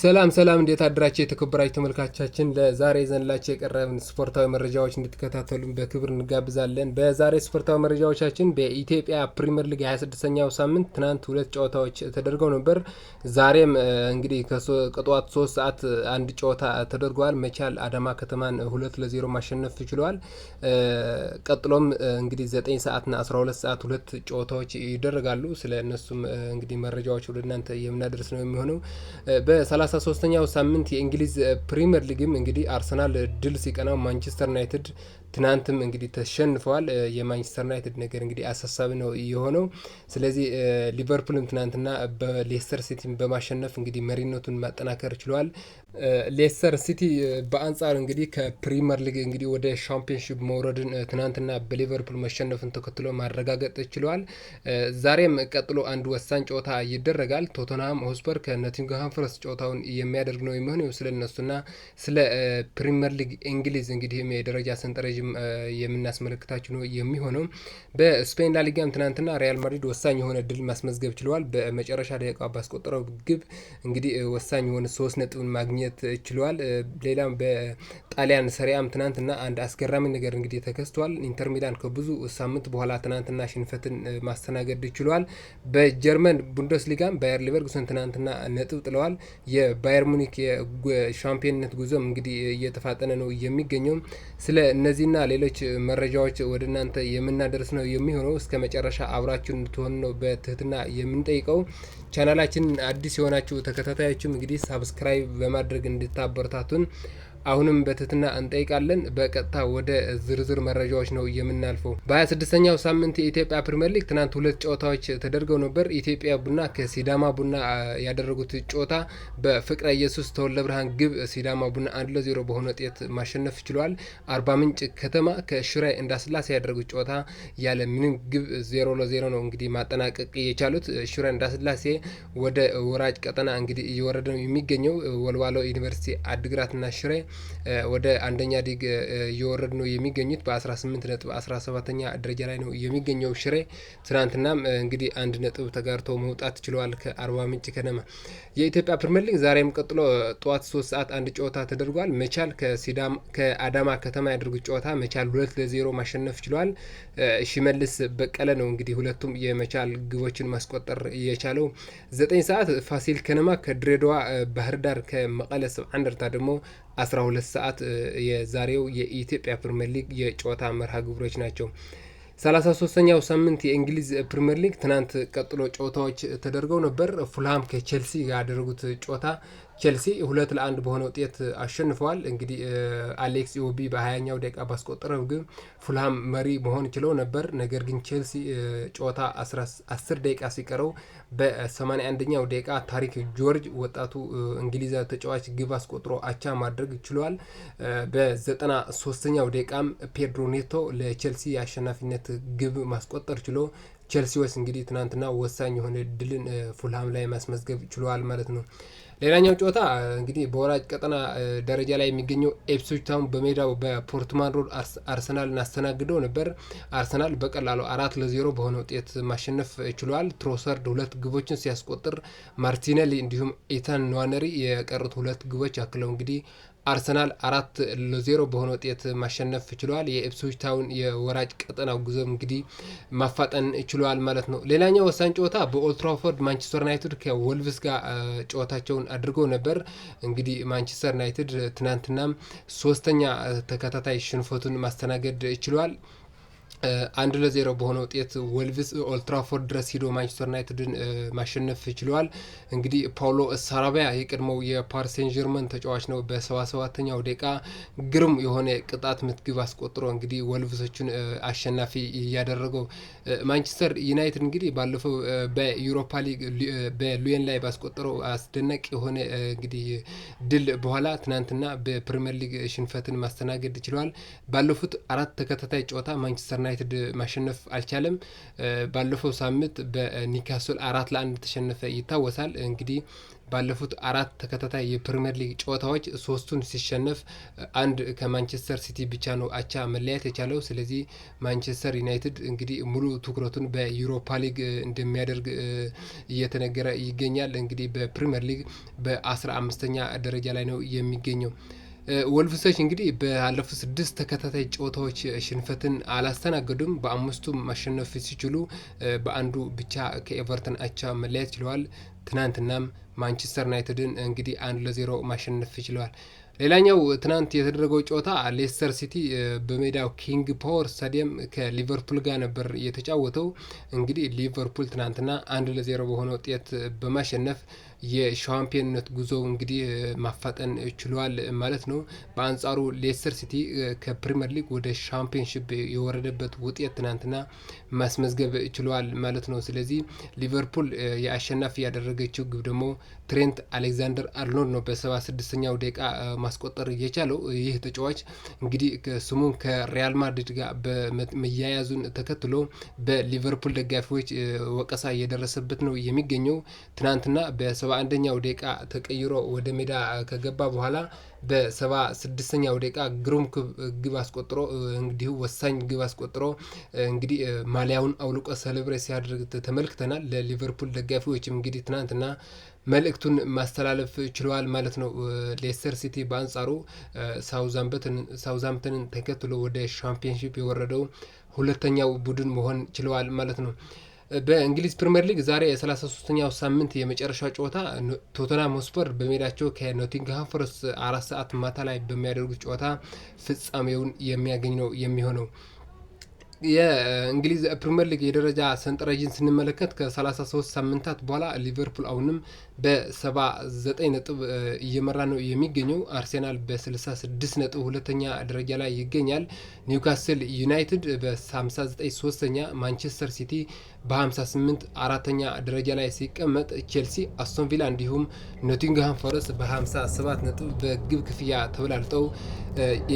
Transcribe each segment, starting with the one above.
ሰላም ሰላም፣ እንዴት አድራቸው የተከበራችሁ ተመልካቻችን። ለዛሬ ዘንላቸው የቀረብን ስፖርታዊ መረጃዎች እንድትከታተሉን በክብር እንጋብዛለን። በዛሬ ስፖርታዊ መረጃዎቻችን በኢትዮጵያ ፕሪምየር ሊግ 26ኛው ሳምንት ትናንት ሁለት ጨዋታዎች ተደርገው ነበር። ዛሬም እንግዲህ ከጠዋት ሶስት ሰዓት አንድ ጨዋታ ተደርገዋል። መቻል አዳማ ከተማን ሁለት ለዜሮ ማሸነፍ ችሏል። ቀጥሎም እንግዲህ ዘጠኝ ሰዓትና ሁለት ሰዓት ሁለት ጨዋታዎች ይደረጋሉ። ስለ እነሱም እንግዲህ መረጃዎች ወደ እናንተ የምናደርስ ነው የሚሆነው በሰላ በሰላሳ ሶስተኛው ሳምንት የእንግሊዝ ፕሪምየር ሊግም እንግዲህ አርሰናል ድል ሲቀናው ማንቸስተር ዩናይትድ ትናንትም እንግዲህ ተሸንፈዋል። የማንቸስተር ዩናይትድ ነገር እንግዲህ አሳሳቢ ነው የሆነው። ስለዚህ ሊቨርፑልም ትናንትና በሌስተር ሲቲም በማሸነፍ እንግዲህ መሪነቱን ማጠናከር ችሏል። ሌስተር ሲቲ በአንጻር እንግዲህ ከፕሪምየር ሊግ እንግዲህ ወደ ሻምፒዮንሺፕ መውረድን ትናንትና በሊቨርፑል መሸነፍን ተከትሎ ማረጋገጥ ችለዋል። ዛሬም ቀጥሎ አንድ ወሳኝ ጨዋታ ይደረጋል። ቶተንሃም ሆስፐር ከነቲንግሃም ፎረስት ጨዋታ ጨዋታውን የሚያደርግ ነው የሚሆን ስለ እነሱና ስለ ፕሪምየር ሊግ እንግሊዝ እንግዲህ የደረጃ ሰንጠረዥም የምናስመለክታችሁ ነው የሚሆነው። በስፔን ላሊጋም ትናንትና ሪያል ማድሪድ ወሳኝ የሆነ ድል ማስመዝገብ ችለዋል። በመጨረሻ ደቂቃ ባስቆጠረው ግብ እንግዲህ ወሳኝ የሆነ ሶስት ነጥብን ማግኘት ችለዋል። ሌላም በጣሊያን ሰሪያም ትናንትና አንድ አስገራሚ ነገር እንግዲህ ተከስቷል። ኢንተር ሚላን ከብዙ ሳምንት በኋላ ትናንትና ሽንፈትን ማስተናገድ ችሏል። በጀርመን ቡንደስሊጋም ባየር ሊቨርኩሰን ትናንትና ነጥብ ጥለዋል። የባየር ሙኒክ የሻምፒዮንነት ጉዞም እንግዲህ እየተፋጠነ ነው የሚገኘው። ስለ እነዚህና ሌሎች መረጃዎች ወደ እናንተ የምናደርስ ነው የሚሆነው። እስከ መጨረሻ አብራችሁ እንድትሆኑ ነው በትህትና የምንጠይቀው። ቻናላችንን አዲስ የሆናችሁ ተከታታዮችም እንግዲህ ሳብስክራይብ በማድረግ እንድታበረታቱን አሁንም በትህትና እንጠይቃለን። በቀጥታ ወደ ዝርዝር መረጃዎች ነው የምናልፈው። በ26ኛው ሳምንት የኢትዮጵያ ፕሪምየር ሊግ ትናንት ሁለት ጨዋታዎች ተደርገው ነበር። ኢትዮጵያ ቡና ከሲዳማ ቡና ያደረጉት ጨዋታ በፍቅረ ኢየሱስ ተወልደ ብርሃን ግብ ሲዳማ ቡና አንድ ለዜሮ በሆነ ውጤት ማሸነፍ ችሏል። አርባ ምንጭ ከተማ ከሽራይ እንዳስላሴ ያደረጉት ጨዋታ ያለ ምንም ግብ ዜሮ ለዜሮ ነው እንግዲህ ማጠናቀቅ የቻሉት። ሽራይ እንዳስላሴ ወደ ወራጅ ቀጠና እንግዲህ እየወረደ ነው የሚገኘው። ወልዋሎ ዩኒቨርሲቲ አድግራትና ሽራይ ወደ አንደኛ ሊግ እየወረድ ነው የሚገኙት። በ18 ነጥብ 17ኛ ደረጃ ላይ ነው የሚገኘው ሽሬ። ትናንትናም እንግዲህ አንድ ነጥብ ተጋርቶ መውጣት ችለዋል ከአርባ ምንጭ ከነማ። የኢትዮጵያ ፕሪምየር ሊግ ዛሬም ቀጥሎ ጠዋት ሶስት ሰዓት አንድ ጨዋታ ተደርጓል። መቻል ከአዳማ ከተማ ያደርጉት ጨዋታ መቻል ሁለት ለዜሮ ማሸነፍ ችለዋል። ሽመልስ በቀለ ነው እንግዲህ ሁለቱም የመቻል ግቦችን ማስቆጠር የቻለው። ዘጠኝ ሰዓት ፋሲል ከነማ ከድሬዳዋ፣ ባህር ዳር ከመቀለ ሰብ አንደርታ ደግሞ አስራ ሁለት ሰዓት የዛሬው የኢትዮጵያ ፕሪምየር ሊግ የጨዋታ መርሃ ግብሮች ናቸው ሰላሳ 33ኛው ሳምንት የእንግሊዝ ፕሪምየር ሊግ ትናንት ቀጥሎ ጨዋታዎች ተደርገው ነበር። ፉልሃም ከቼልሲ ያደረጉት ጨዋታ ቼልሲ ሁለት ለአንድ በሆነ ውጤት አሸንፈዋል። እንግዲህ አሌክስ ኢዮቢ በሀያኛው ደቂቃ ባስቆጠረው ግን ፉልሃም መሪ መሆን ችለው ነበር። ነገር ግን ቼልሲ ጨዋታ አስር ደቂቃ ሲቀረው በሰማንያ አንደኛው ደቂቃ ታሪክ ጆርጅ ወጣቱ እንግሊዛዊ ተጫዋች ግብ አስቆጥሮ አቻ ማድረግ ችሏል። በዘጠና ሶስተኛው ደቂቃም ፔድሮ ኔቶ ለቼልሲ የአሸናፊነት ግብ ማስቆጠር ችሎ ቼልሲዎች እንግዲህ ትናንትና ወሳኝ የሆነ ድልን ፉልሃም ላይ ማስመዝገብ ችለዋል ማለት ነው። ሌላኛው ጨዋታ እንግዲህ በወራጅ ቀጠና ደረጃ ላይ የሚገኘው ኤፕሶች ታውን በሜዳው በፖርትማን ሮድ አርሰናልን አስተናግደው ነበር። አርሰናል በቀላሉ አራት ለዜሮ በሆነ ውጤት ማሸነፍ ችሏል። ትሮሰርድ ሁለት ግቦችን ሲያስቆጥር ማርቲነሊ እንዲሁም ኢታን ኗነሪ የቀሩት ሁለት ግቦች አክለው እንግዲህ አርሰናል አራት ለዜሮ በሆነ ውጤት ማሸነፍ ችሏል። የኢፕስዊች ታውን የወራጅ ቀጠናው ጉዞ እንግዲህ ማፋጠን ችሏል ማለት ነው። ሌላኛው ወሳኝ ጨዋታ በኦልትራፎርድ ማንቸስተር ዩናይትድ ከወልቭስ ጋር ጨዋታቸውን አድርገው ነበር። እንግዲህ ማንቸስተር ዩናይትድ ትናንትናም ሶስተኛ ተከታታይ ሽንፈቱን ማስተናገድ ችሏል። አንድ ለዜሮ በሆነ ውጤት ወልቭስ ኦልትራፎርድ ድረስ ሂዶ ማንቸስተር ዩናይትድን ማሸነፍ ችለዋል። እንግዲህ ፓውሎ ሳራቢያ የቀድሞው የፓሪሴን ጀርመን ተጫዋች ነው። በ77ኛው ደቂቃ ግርም የሆነ ቅጣት ምትግብ አስቆጥሮ እንግዲህ ወልቭሶቹን አሸናፊ እያደረገው ማንቸስተር ዩናይትድ እንግዲህ ባለፈው በዩሮፓ ሊግ በሉየን ላይ ባስቆጠረው አስደናቂ የሆነ እንግዲህ ድል በኋላ ትናንትና በፕሪምየር ሊግ ሽንፈትን ማስተናገድ ችለዋል። ባለፉት አራት ተከታታይ ጨዋታ ማንቸስተር ዩናይትድ ማሸነፍ አልቻለም። ባለፈው ሳምንት በኒካሶል አራት ለአንድ ተሸነፈ ይታወሳል። እንግዲህ ባለፉት አራት ተከታታይ የፕሪምየር ሊግ ጨዋታዎች ሶስቱን ሲሸነፍ አንድ ከማንቸስተር ሲቲ ብቻ ነው አቻ መለያየት የቻለው። ስለዚህ ማንቸስተር ዩናይትድ እንግዲህ ሙሉ ትኩረቱን በዩሮፓ ሊግ እንደሚያደርግ እየተነገረ ይገኛል። እንግዲህ በፕሪምየር ሊግ በአስራ አምስተኛ ደረጃ ላይ ነው የሚገኘው። ወልቭሶች እንግዲህ ባለፉት ስድስት ተከታታይ ጨዋታዎች ሽንፈትን አላስተናገዱም። በአምስቱ ማሸነፍ ሲችሉ በአንዱ ብቻ ከኤቨርተን አቻ መለያት ችለዋል። ትናንትናም ማንቸስተር ዩናይትድን እንግዲህ አንድ ለዜሮ ማሸነፍ ችለዋል። ሌላኛው ትናንት የተደረገው ጨዋታ ሌስተር ሲቲ በሜዳው ኪንግ ፓወር ስታዲየም ከሊቨርፑል ጋር ነበር የተጫወተው። እንግዲህ ሊቨርፑል ትናንትና አንድ ለዜሮ በሆነ ውጤት በማሸነፍ የሻምፒዮንነት ጉዞ እንግዲህ ማፋጠን ችሏል ማለት ነው። በአንጻሩ ሌስተር ሲቲ ከፕሪምየር ሊግ ወደ ሻምፒዮንሽፕ የወረደበት ውጤት ትናንትና ማስመዝገብ ችሏል ማለት ነው። ስለዚህ ሊቨርፑል የአሸናፊ ያደረገችው ግብ ደግሞ ትሬንት አሌክዛንደር አርኖልድ ነው በሰባ ስድስተኛው ደቂቃ ማስቆጠር የቻለው ይህ ተጫዋች እንግዲህ ስሙን ከሪያል ማድሪድ ጋር በመያያዙን ተከትሎ በሊቨርፑል ደጋፊዎች ወቀሳ እየደረሰበት ነው የሚገኘው ትናንትና በሰባ 71 አንደኛው ደቂቃ ተቀይሮ ወደ ሜዳ ከገባ በኋላ በሰባ ስድስተኛው ደቂቃ ግሩም ግብ አስቆጥሮ እንግዲህ ወሳኝ ግብ አስቆጥሮ እንግዲህ ማሊያውን አውልቆ ሰለብሬት ሲያደርግ ተመልክተናል። ለሊቨርፑል ደጋፊዎችም እንግዲህ ትናንትና መልእክቱን ማስተላለፍ ችለዋል ማለት ነው። ሌስተር ሲቲ በአንጻሩ ሳውዛምተንን ተከትሎ ወደ ሻምፒዮንሺፕ የወረደው ሁለተኛው ቡድን መሆን ችለዋል ማለት ነው። በእንግሊዝ ፕሪምየር ሊግ ዛሬ የ 3 ኛው ሳምንት የመጨረሻ ጨዋታ ቶተናም ሆስፐር በሜዳቸው ከኖቲንግሃም ፎረስት አራት ሰዓት ማታ ላይ በሚያደርጉት ጨዋታ ፍጻሜውን የሚያገኝ ነው የሚሆነው። የእንግሊዝ ፕሪምየር ሊግ የደረጃ ሰንጠረዥን ስንመለከት ከ33 ሳምንታት በኋላ ሊቨርፑል አሁንም በ79 ነጥብ እየመራ ነው የሚገኘው። አርሴናል በ66 ነጥብ ሁለተኛ ደረጃ ላይ ይገኛል። ኒውካስል ዩናይትድ በ59 ሶስተኛ፣ ማንቸስተር ሲቲ በ58 አራተኛ ደረጃ ላይ ሲቀመጥ፣ ቼልሲ፣ አስቶንቪላ እንዲሁም ኖቲንግሃም ፎረስት በ57 ነጥብ በግብ ክፍያ ተበላልጠው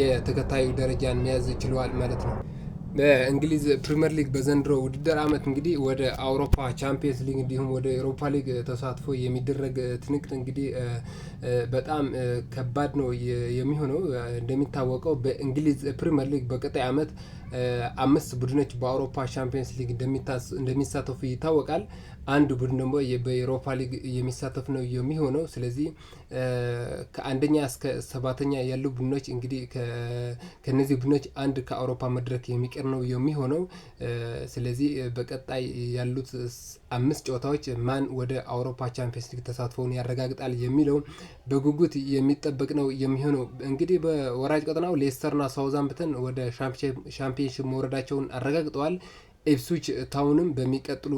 የተከታዩ ደረጃን መያዝ ችለዋል ማለት ነው። እንግሊዝ ፕሪምየር ሊግ በዘንድሮ ውድድር አመት እንግዲህ ወደ አውሮፓ ቻምፒየንስ ሊግ እንዲሁም ወደ ኤሮፓ ሊግ ተሳትፎ የሚደረግ ትንቅንቅ እንግዲህ በጣም ከባድ ነው የሚሆነው። እንደሚታወቀው በእንግሊዝ ፕሪምየር ሊግ በቀጣይ አመት አምስት ቡድኖች በአውሮፓ ቻምፒየንስ ሊግ እንደሚሳተፉ ይታወቃል። አንድ ቡድን ደግሞ በኤሮፓ ሊግ የሚሳተፍ ነው የሚሆነው። ስለዚህ ከአንደኛ እስከ ሰባተኛ ያሉ ቡድኖች እንግዲህ ከነዚህ ቡድኖች አንድ ከአውሮፓ መድረክ የሚቀር ነው የሚሆነው። ስለዚህ በቀጣይ ያሉት አምስት ጨዋታዎች ማን ወደ አውሮፓ ቻምፒየንስ ሊግ ተሳትፎውን ያረጋግጣል የሚለው በጉጉት የሚጠበቅ ነው የሚሆነው። እንግዲህ በወራጅ ቀጠናው ሌስተርና ሳውዛምፕተን ወደ ሻምፒየንሽፕ መውረዳቸውን አረጋግጠዋል። ኤፕስዊች ታውንም በሚቀጥሉ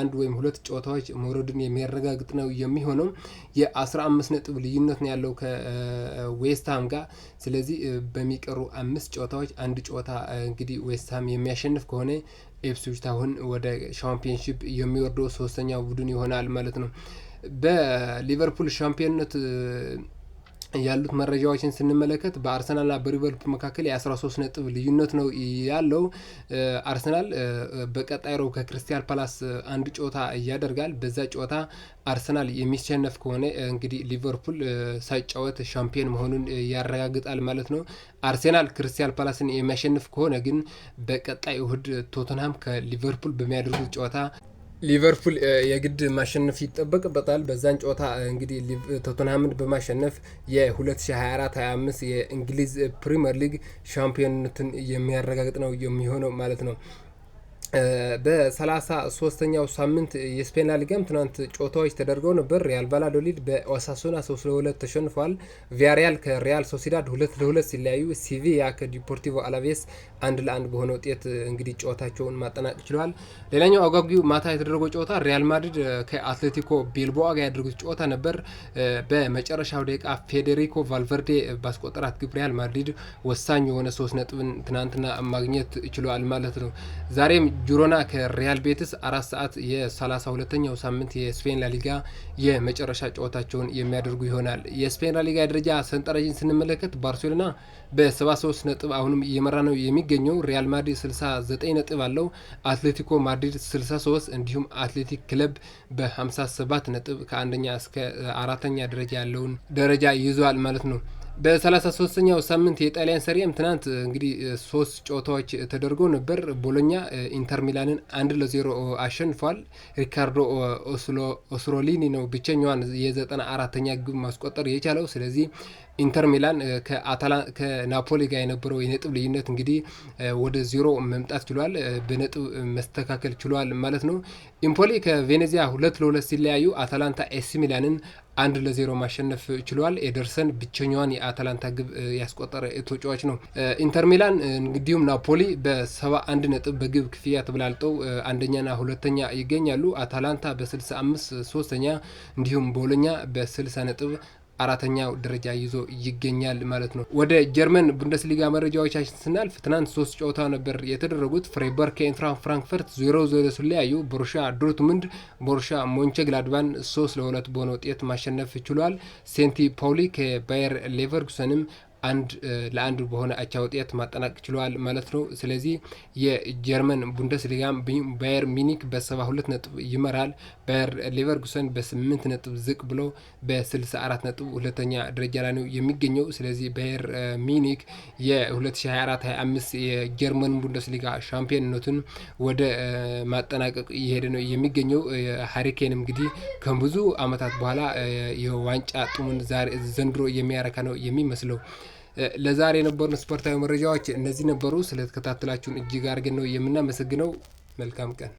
አንድ ወይም ሁለት ጨዋታዎች መውረዱን የሚያረጋግጥ ነው የሚሆነው። የ15 ነጥብ ልዩነት ነው ያለው ከዌስትሃም ጋር። ስለዚህ በሚቀሩ አምስት ጨዋታዎች አንድ ጨዋታ እንግዲህ ዌስትሃም የሚያሸንፍ ከሆነ ኤፕስዊች ታውን ወደ ሻምፒዮንሺፕ የሚወርደው ሶስተኛ ቡድን ይሆናል ማለት ነው። በሊቨርፑል ሻምፒዮንነት ያሉት መረጃዎችን ስንመለከት በአርሰናልና በሊቨርፑል መካከል የ13 ነጥብ ልዩነት ነው ያለው። አርሰናል በቀጣይ ረቡዕ ከክሪስታል ፓላስ አንድ ጨዋታ እያደርጋል። በዛ ጨዋታ አርሰናል የሚሸነፍ ከሆነ እንግዲህ ሊቨርፑል ሳይጫወት ሻምፒዮን መሆኑን ያረጋግጣል ማለት ነው። አርሰናል ክሪስታል ፓላስን የሚያሸንፍ ከሆነ ግን በቀጣይ እሁድ ቶተንሃም ከሊቨርፑል በሚያደርጉት ጨዋታ ሊቨርፑል የግድ ማሸነፍ ይጠበቅበታል። በዛን ጨዋታ እንግዲህ ቶተንሃምን በማሸነፍ የ2024/25 የእንግሊዝ ፕሪምየር ሊግ ሻምፒዮንነትን የሚያረጋግጥ ነው የሚሆነው ማለት ነው። በሰላሳ ሶስተኛው ሳምንት የስፔን ላሊጋም ትናንት ጨዋታዎች ተደርገው ነበር። ሪያል ባላዶሊድ በኦሳሱና ሶስት ለሁለት ተሸንፏል። ቪያሪያል ከሪያል ሶሲዳድ ሁለት ለሁለት ሲለያዩ፣ ሲቪያ ከዲፖርቲቮ አላቬስ አንድ ለአንድ በሆነ ውጤት እንግዲህ ጨዋታቸውን ማጠናቀቅ ችለዋል። ሌላኛው አጓጊው ማታ የተደረገው ጨዋታ ሪያል ማድሪድ ከአትሌቲኮ ቢልባኦ ጋር ያደረጉት ጨዋታ ነበር። በመጨረሻው ደቂቃ ፌዴሪኮ ቫልቨርዴ ባስቆጠራት ግብ ሪያል ማድሪድ ወሳኝ የሆነ ሶስት ነጥብን ትናንትና ማግኘት ችለዋል ማለት ነው። ዛሬም ጂሮና ከሪያል ቤትስ አራት ሰዓት የሰላሳ ሁለተኛው ሳምንት የስፔን ላሊጋ የመጨረሻ ጨዋታቸውን የሚያደርጉ ይሆናል። የስፔን ላሊጋ ደረጃ ሰንጠረዥን ስንመለከት ባርሴሎና በ73 ነጥብ አሁንም እየመራ ነው የሚገኘው። ሪያል ማድሪድ 69 ነጥብ አለው። አትሌቲኮ ማድሪድ 63 እንዲሁም አትሌቲክ ክለብ በ57 ነጥብ ከአንደኛ እስከ አራተኛ ደረጃ ያለውን ደረጃ ይዟል ማለት ነው። በ33ኛው ሳምንት የጣሊያን ሰሪያም ትናንት እንግዲህ ሶስት ጨዋታዎች ተደርጎ ነበር። ቦሎኛ ኢንተር ሚላንን አንድ ለዜሮ አሸንፏል። ሪካርዶ ኦስሮሊኒ ነው ብቸኛዋን የዘጠና አራተኛ ግብ ማስቆጠር የቻለው። ስለዚህ ኢንተር ሚላን ከናፖሊ ጋር የነበረው የነጥብ ልዩነት እንግዲህ ወደ ዜሮ መምጣት ችሏል፣ በነጥብ መስተካከል ችሏል ማለት ነው። ኢምፖሊ ከቬኔዚያ ሁለት ለሁለት ሲለያዩ አታላንታ ኤሲ ሚላንን አንድ ለዜሮ ማሸነፍ ችሏል። ኤደርሰን ብቸኛዋን የአታላንታ ግብ ያስቆጠረ ተጫዋች ነው። ኢንተር ሚላን እንግዲሁም ናፖሊ በሰባ አንድ ነጥብ በግብ ክፍያ ተበላልጠው አንደኛና ሁለተኛ ይገኛሉ። አታላንታ በ65 ሶስተኛ እንዲሁም ቦሎኛ በ60 ነጥብ አራተኛው ደረጃ ይዞ ይገኛል ማለት ነው። ወደ ጀርመን ቡንደስሊጋ መረጃዎቻችን ስናልፍ ትናንት ሶስት ጨዋታ ነበር የተደረጉት። ፍሬበርግ ከኤንትራን ፍራንክፈርት ዜሮ ዜሮ ሲለያዩ ቦሩሻ ዶርትሙንድ ቦሩሻ ሞንቸግላድባን ሶስት ለሁለት በሆነ ውጤት ማሸነፍ ችሏል። ሴንቲ ፓውሊ ከባየር ሌቨርኩሰንም አንድ ለአንድ በሆነ አቻ ውጤት ማጠናቅ ችለዋል ማለት ነው። ስለዚህ የጀርመን ቡንደስሊጋም ባየር ሚኒክ በሰባ ሁለት ነጥብ ይመራል። ባየር በ በስምንት ነጥብ ዝቅ ብሎ በስልሳ አራት ነጥብ ሁለተኛ ደረጃ ላይ ነው የሚገኘው። ስለዚህ ባየር ሚኒክ የ2024/25 የጀርመን ቡንደስሊጋ ሻምፒዮንነቱን ወደ ማጠናቀቅ እየሄደ ነው የሚገኘው። ሀሪኬን እንግዲህ ከብዙ አመታት በኋላ የዋንጫ ጡሙን ዛሬ ዘንድሮ የሚያረካ ነው የሚመስለው። ለዛሬ የነበሩን ስፖርታዊ መረጃዎች እነዚህ ነበሩ። ስለተከታተላችሁን እጅግ አድርገን ነው የምናመሰግነው። መልካም ቀን